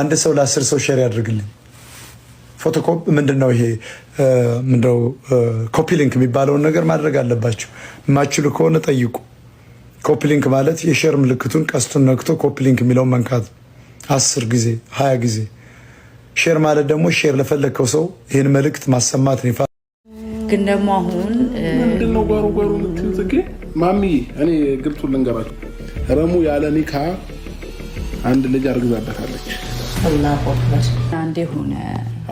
አንድ ሰው ለአስር ሰው ሼር ያደርግልኝ ፎቶኮፕ ምንድነው ይሄ ምንድነው ኮፒ ሊንክ የሚባለውን ነገር ማድረግ አለባቸው። የማችሉ ከሆነ ጠይቁ። ኮፒ ሊንክ ማለት የሼር ምልክቱን ቀስቱን ነክቶ ኮፒ ሊንክ የሚለውን መንካት አስር ጊዜ ሀያ ጊዜ። ሼር ማለት ደግሞ ሼር ለፈለግከው ሰው ይህን መልእክት ማሰማት ነው። ግን ደግሞ አሁን ጓሮ ጓሮ ማሚ፣ እኔ ግልጹ ልንገራችሁ፣ ረሙ ያለ ኒካ አንድ ልጅ አርግዛበታለች።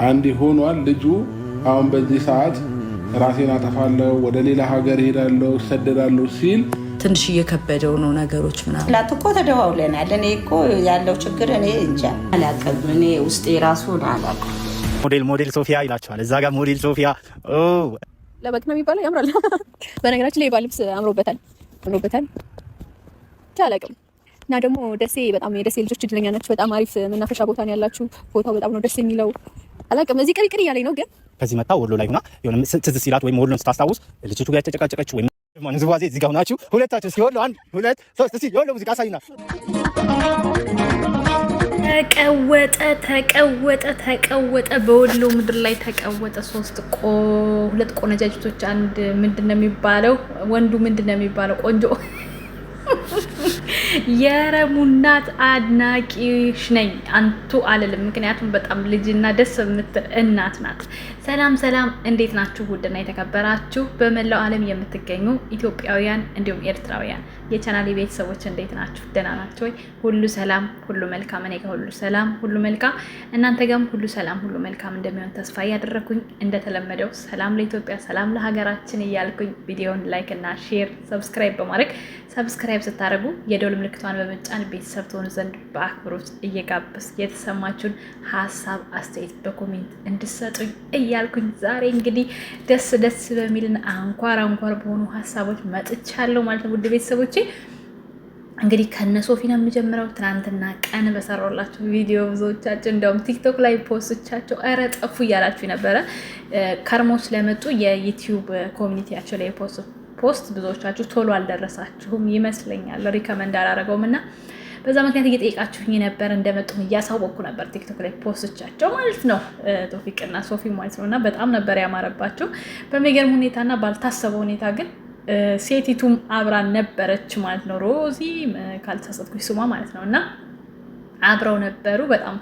አንድ ሆኗል ልጁ። አሁን በዚህ ሰዓት ራሴን አጠፋለሁ፣ ወደ ሌላ ሀገር ሄዳለሁ፣ እሰደዳለሁ ሲል ትንሽ እየከበደው ነው ነገሮች ምናምን ላት እኮ ተደዋውለናል። እኔ እኮ ያለው ችግር እኔ እንጃ አላውቅም። እኔ ውስጤ ራሱ አላውቅም። ሞዴል ሞዴል ሶፊያ ይላቸዋል እዛ ጋር ሞዴል ሶፊያ ለበግ ነው የሚባለው። ያምራል። በነገራችን ላይ ባልብስ አምሮበታል አምሮበታል አላውቅም እና ደግሞ ደሴ በጣም የደሴ ልጆች እድለኛ ናቸው። በጣም አሪፍ መናፈሻ ቦታ ነው ያላችሁ። ቦታው በጣም ነው ደስ የሚለው። አላውቅም እዚህ ቅሪቅሪ እያለኝ ነው፣ ግን ከዚህ መጣ ወሎ ላይ ሆና የሆነ ትዝ ሲላት ወይም ወሎን ስታስታውስ ልጅቱ ጋር የተጨቃጨቀችው ወይም ዝዋዜ እዚህ ጋር ሆናችሁ ሁለታችሁ ሲወሎ አንድ ሁለት ሶስት ሲ የወሎ ሙዚቃ አሳዩና ተቀወጠ ተቀወጠ ተቀወጠ በወሎ ምድር ላይ ተቀወጠ። ሶስት ቆ ሁለት ቆነጃጅቶች አንድ ምንድን ነው የሚባለው ወንዱ ምንድን ነው የሚባለው ቆንጆ የረሙናት አድናቂሽ ነኝ አንቱ አልልም። ምክንያቱም በጣም ልጅና ደስ የምትል እናት ናት። ሰላም ሰላም፣ እንዴት ናችሁ? ውድና የተከበራችሁ በመላው ዓለም የምትገኙ ኢትዮጵያውያን እንዲሁም ኤርትራውያን የቻናሌ ቤተሰቦች እንዴት ናችሁ? ደህና ናችሁ ወይ? ሁሉ ሰላም፣ ሁሉ መልካም። እኔ ጋር ሁሉ ሰላም፣ ሁሉ መልካም። እናንተ ጋርም ሁሉ ሰላም፣ ሁሉ መልካም እንደሚሆን ተስፋ እያደረኩኝ እንደተለመደው ሰላም ለኢትዮጵያ፣ ሰላም ለሀገራችን እያልኩኝ ቪዲዮን ላይክ እና ሼር፣ ሰብስክራይብ በማድረግ ሰብስክራይብ ስታደርጉ የደውል ምልክቷን በመጫን ቤተሰብ ትሆኑ ዘንድ በአክብሮት እየጋበዝ የተሰማችሁን ሀሳብ አስተያየት በኮሜንት እንድሰጡኝ እያ እያልኩኝ ዛሬ እንግዲህ ደስ ደስ በሚል አንኳር አንኳር በሆኑ ሀሳቦች መጥቻለሁ ማለት ነው ውድ ቤተሰቦቼ። እንግዲህ ከነ ሶፊ ነው የምጀምረው። ትናንትና ቀን በሰራሁላችሁ ቪዲዮ ብዙዎቻችሁ እንዲያውም ቲክቶክ ላይ ፖስቶቻቸው ኧረ ጠፉ እያላችሁ ነበረ። ከርሞች ለመጡ የዩቲዩብ ኮሚኒቲያቸው ላይ ፖስት ብዙዎቻችሁ ቶሎ አልደረሳችሁም ይመስለኛል። ሪከመንድ አላረገውም እና በዛ ምክንያት እየጠየቃችሁኝ ነበር፣ እንደመጡ እያሳወቅኩ ነበር ቲክቶክ ላይ ፖስቶቻቸው ማለት ነው፣ ቶፊቅና ሶፊ ማለት ነው። እና በጣም ነበር ያማረባቸው በሚገርም ሁኔታና ባልታሰበ ሁኔታ ግን ሴቲቱም አብራ ነበረች ማለት ነው። ሮዚ ካልተሳሳትኩኝ ስሟ ማለት ነው እና አብረው ነበሩ። በጣም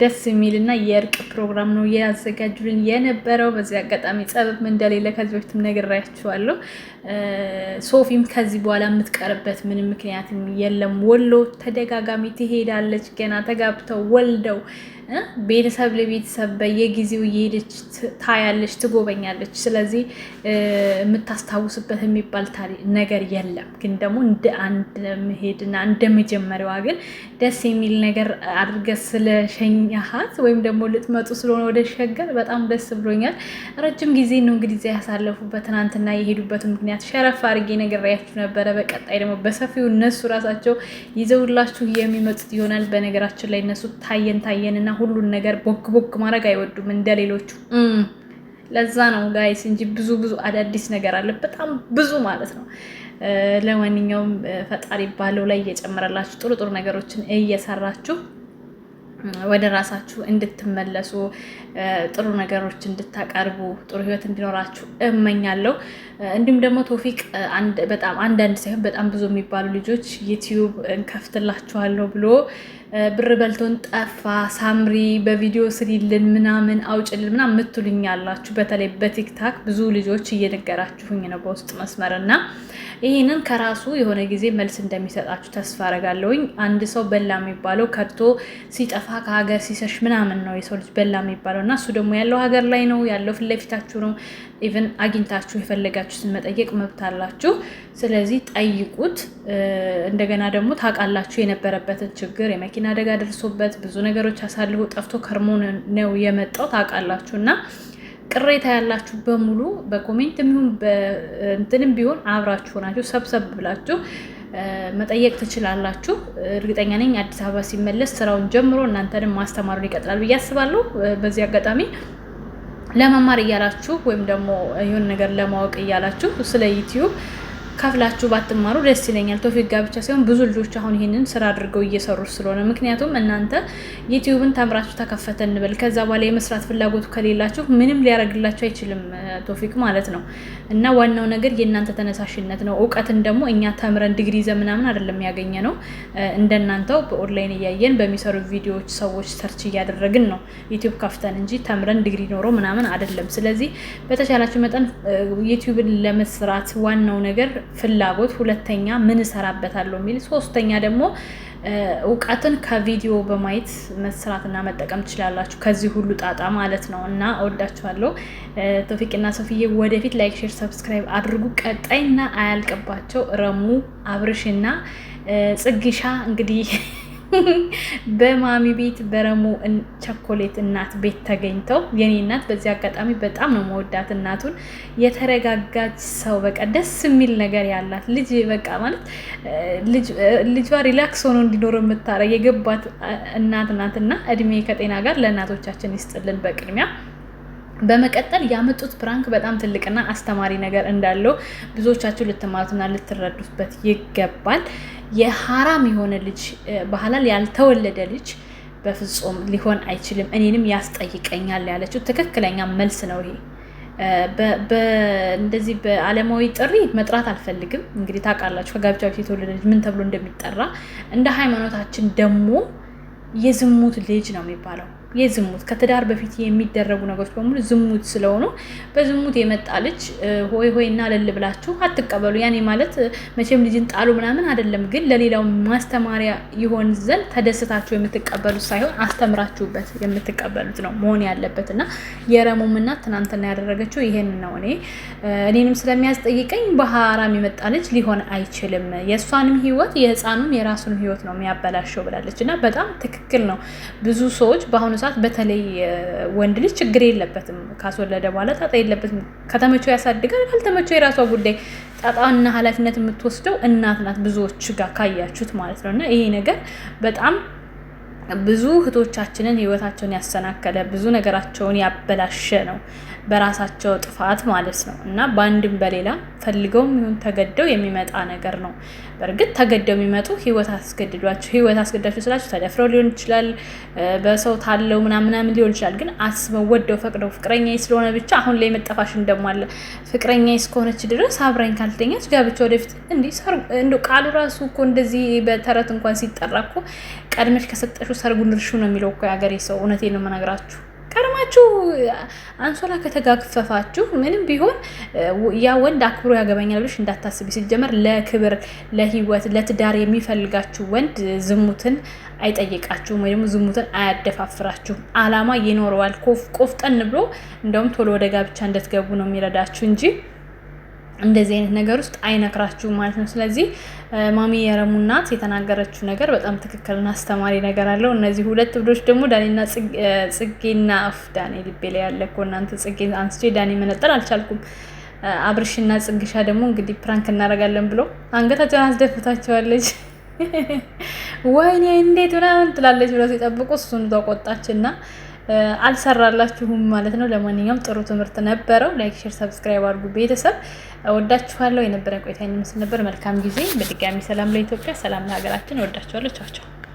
ደስ የሚልና የእርቅ ፕሮግራም ነው ያዘጋጁልን የነበረው። በዚህ አጋጣሚ ጸብም እንደሌለ ከዚህ በፊትም ራያችዋለሁ። ሶፊም ከዚህ በኋላ የምትቀርበት ምንም ምክንያትም የለም። ወሎ ተደጋጋሚ ትሄዳለች። ገና ተጋብተው ወልደው ቤተሰብ ለቤተሰብ በየጊዜው እየሄደች ታያለች፣ ትጎበኛለች። ስለዚህ የምታስታውስበት የሚባል ነገር የለም። ግን ደግሞ እንደ አንድ መሄድና እንደ መጀመሪያዋ ግን ደስ የሚል ነገር አድርገህ ስለሸኛሃት ወይም ደግሞ ልትመጡ ስለሆነ ወደ ሸገር በጣም ደስ ብሎኛል። ረጅም ጊዜ ነው እንግዲህ ያሳለፉበት ትናንትና የሄዱበት ምክንያት ምክንያት ሸረፍ አድርጌ ነግሬያችሁ ነበረ። በቀጣይ ደግሞ በሰፊው እነሱ ራሳቸው ይዘውላችሁ የሚመጡት ይሆናል። በነገራችን ላይ እነሱ ታየን ታየን እና ሁሉን ነገር ቦክ ቦክ ማድረግ አይወዱም እንደ ሌሎቹ። ለዛ ነው ጋይስ እንጂ ብዙ ብዙ አዳዲስ ነገር አለ፣ በጣም ብዙ ማለት ነው። ለማንኛውም ፈጣሪ ባለው ላይ እየጨመረላችሁ ጥሩ ጥሩ ነገሮችን እየሰራችሁ ወደ ራሳችሁ እንድትመለሱ ጥሩ ነገሮች እንድታቀርቡ ጥሩ ህይወት እንዲኖራችሁ እመኛለሁ። እንዲሁም ደግሞ ቶፊቅ በጣም አንዳንድ ሳይሆን በጣም ብዙ የሚባሉ ልጆች ዩቲዩብ እንከፍትላችኋለሁ ብሎ ብር በልቶን ጠፋ፣ ሳምሪ በቪዲዮ ስሪልን ምናምን አውጭልን ምናምን የምትሉኝ አላችሁ በተለይ በቲክታክ ብዙ ልጆች እየነገራችሁኝ ነው በውስጥ መስመር እና ይህንን ከራሱ የሆነ ጊዜ መልስ እንደሚሰጣችሁ ተስፋ አረጋለሁኝ። አንድ ሰው በላ የሚባለው ከድቶ ሲጠፋ ከሀገር ሲሰሽ ምናምን ነው የሰው ልጅ በላ የሚባለው እና እሱ ደግሞ ያለው ሀገር ላይ ነው ያለው ፊት ለፊታችሁ ነው ኢቨን አግኝታችሁ የፈለጋችሁትን መጠየቅ መብት አላችሁ። ስለዚህ ጠይቁት። እንደገና ደግሞ ታውቃላችሁ የነበረበትን ችግር የመኪና አደጋ ደርሶበት ብዙ ነገሮች አሳልፎ ጠፍቶ ከርሞ ነው የመጣው ታውቃላችሁ እና ቅሬታ ያላችሁ በሙሉ በኮሜንት የሚሆን እንትንም ቢሆን አብራችሁ ናችሁ ሰብሰብ ብላችሁ መጠየቅ ትችላላችሁ። እርግጠኛ ነኝ አዲስ አበባ ሲመለስ ስራውን ጀምሮ እናንተንም ማስተማሩን ይቀጥላል ብዬ አስባለሁ። በዚህ አጋጣሚ ለመማር እያላችሁ ወይም ደግሞ ይሁን ነገር ለማወቅ እያላችሁ ስለ ዩቲዩብ ከፍላችሁ ባትማሩ ደስ ይለኛል። ቶፊክ ጋር ብቻ ሳይሆን ብዙ ልጆች አሁን ይህንን ስራ አድርገው እየሰሩ ስለሆነ ምክንያቱም እናንተ ዩቲዩብን ተምራችሁ ተከፈተ እንበል፣ ከዛ በኋላ የመስራት ፍላጎቱ ከሌላችሁ ምንም ሊያደርግላችሁ አይችልም ቶፊክ ማለት ነው። እና ዋናው ነገር የእናንተ ተነሳሽነት ነው። እውቀትን ደግሞ እኛ ተምረን ዲግሪ ይዘን ምናምን አይደለም ያገኘ ነው። እንደናንተው በኦንላይን እያየን በሚሰሩ ቪዲዮዎች ሰዎች ሰርች እያደረግን ነው ዩቲዩብ ከፍተን እንጂ ተምረን ዲግሪ ኖሮ ምናምን አይደለም። ስለዚህ በተቻላችሁ መጠን ዩትዩብን ለመስራት ዋናው ነገር ፍላጎት፣ ሁለተኛ ምን እሰራበታለሁ የሚል፣ ሶስተኛ ደግሞ እውቀትን ከቪዲዮ በማየት መስራትና መጠቀም ትችላላችሁ። ከዚህ ሁሉ ጣጣ ማለት ነው። እና እወዳችኋለሁ። ቶፊቅና ሶፊዬ ወደፊት ላይክ፣ ሼር፣ ሰብስክራይብ አድርጉ። ቀጣይና አያልቅባቸው ረሙ አብርሽና ጽግሻ እንግዲህ በማሚ ቤት በረሙ ቸኮሌት እናት ቤት ተገኝተው የኔ እናት በዚህ አጋጣሚ በጣም ነው መወዳት። እናቱን የተረጋጋች ሰው በቃ ደስ የሚል ነገር ያላት ልጅ በቃ ማለት ልጇ ሪላክስ ሆኖ እንዲኖር የምታረ የገባት እናት ናትና እድሜ ከጤና ጋር ለእናቶቻችን ይስጥልን በቅድሚያ በመቀጠል ያመጡት ፕራንክ በጣም ትልቅና አስተማሪ ነገር እንዳለው ብዙዎቻችሁ ልትማሩትና ልትረዱበት ይገባል። የሀራም የሆነ ልጅ ባህላል ያልተወለደ ልጅ በፍጹም ሊሆን አይችልም፣ እኔንም ያስጠይቀኛል ያለችው ትክክለኛ መልስ ነው። ይሄ እንደዚህ በዓለማዊ ጥሪ መጥራት አልፈልግም። እንግዲህ ታውቃላችሁ ከጋብቻ በፊት የተወለደ ልጅ ምን ተብሎ እንደሚጠራ። እንደ ሃይማኖታችን ደግሞ የዝሙት ልጅ ነው የሚባለው። የዝሙት ከትዳር በፊት የሚደረጉ ነገሮች በሙሉ ዝሙት ስለሆኑ በዝሙት የመጣ ልጅ ሆይ ሆይ እና ለል ብላችሁ አትቀበሉ። ያኔ ማለት መቼም ልጅን ጣሉ ምናምን አይደለም፣ ግን ለሌላው ማስተማሪያ ይሆን ዘንድ ተደስታችሁ የምትቀበሉት ሳይሆን አስተምራችሁበት የምትቀበሉት ነው መሆን ያለበት እና የረሙም እናት ትናንትና ያደረገችው ይሄን ነው። እኔ እኔንም ስለሚያስጠይቀኝ በሀራም የመጣ ልጅ ሊሆን አይችልም። የእሷንም ህይወት የህፃኑም የራሱንም ህይወት ነው የሚያበላሸው ብላለች እና በጣም ትክክል ነው። ብዙ ሰዎች በአሁኑ ሰዓት በተለይ ወንድ ልጅ ችግር የለበትም። ካስወለደ በኋላ ጣጣ የለበትም። ከተመቸው ያሳድጋል፣ ካልተመቸው የራሷ ጉዳይ። ጣጣና ኃላፊነት የምትወስደው እናት ናት፣ ብዙዎች ጋር ካያችሁት ማለት ነው። እና ይሄ ነገር በጣም ብዙ እህቶቻችንን ህይወታቸውን ያሰናከለ ብዙ ነገራቸውን ያበላሸ ነው፣ በራሳቸው ጥፋት ማለት ነው እና በአንድም በሌላ ፈልገውም ይሁን ተገደው የሚመጣ ነገር ነው። በእርግጥ ተገደው የሚመጡ ህይወት አስገድዷቸው ህይወት አስገዳቸው ስላቸው ተደፍረው ሊሆን ይችላል፣ በሰው ታለው ምናምናምን ሊሆን ይችላል። ግን አስበው ወደው ፈቅደው ፍቅረኛ ስለሆነ ብቻ አሁን ላይ መጠፋሽ እንደማለ ፍቅረኛ እስከሆነች ድረስ አብራኝ ካልተኛች ጋብቻ ወደፊት እንዲህ ቃሉ ራሱ እኮ እንደዚህ በተረት እንኳን ሲጠራ እኮ ቀድመሽ ከሰጠሽው ሰርጉን ነው የሚለው እኮ የሀገሬ ሰው። እውነቴን ነው መነግራችሁ። ቀድማችሁ አንሶላ ከተጋፈፋችሁ ምንም ቢሆን ያ ወንድ አክብሮ ያገባኛል ብለሽ እንዳታስቢ። ሲጀመር ለክብር፣ ለህይወት፣ ለትዳር የሚፈልጋችሁ ወንድ ዝሙትን አይጠይቃችሁም ወይ ደግሞ ዝሙትን አያደፋፍራችሁም። አላማ ይኖረዋል። ቆፍጠን ብሎ እንደውም ቶሎ ወደ ጋብቻ እንድትገቡ ነው የሚረዳችሁ እንጂ እንደዚህ አይነት ነገር ውስጥ አይነክራችሁ ማለት ነው። ስለዚህ ማሚ የረሙ እናት የተናገረችው ነገር በጣም ትክክልና አስተማሪ ነገር አለው። እነዚህ ሁለት እብዶች ደግሞ ዳኔና ጽጌና ፍ ዳኔ ልቤ ላይ ያለ እኮ እናንተ ጽጌ አንስቼ ዳኔ መነጠል አልቻልኩም። አብርሽና ጽግሻ ደግሞ እንግዲህ ፕራንክ እናደርጋለን ብሎ አንገታቸውን አስደፍታቸዋለች። ወይኔ እንዴት ምናምን ትላለች ብለው ሲጠብቁ እሱን ተቆጣችና አልሰራላችሁም ማለት ነው። ለማንኛውም ጥሩ ትምህርት ነበረው። ላይክ፣ ሼር፣ ሰብስክራይብ አድርጉ ቤተሰብ። ወዳችኋለሁ። የነበረን ቆይታ ይመስል ነበር። መልካም ጊዜ። በድጋሚ ሰላም ለኢትዮጵያ፣ ሰላም ለሀገራችን። ወዳችኋለሁ። ቻው ቻው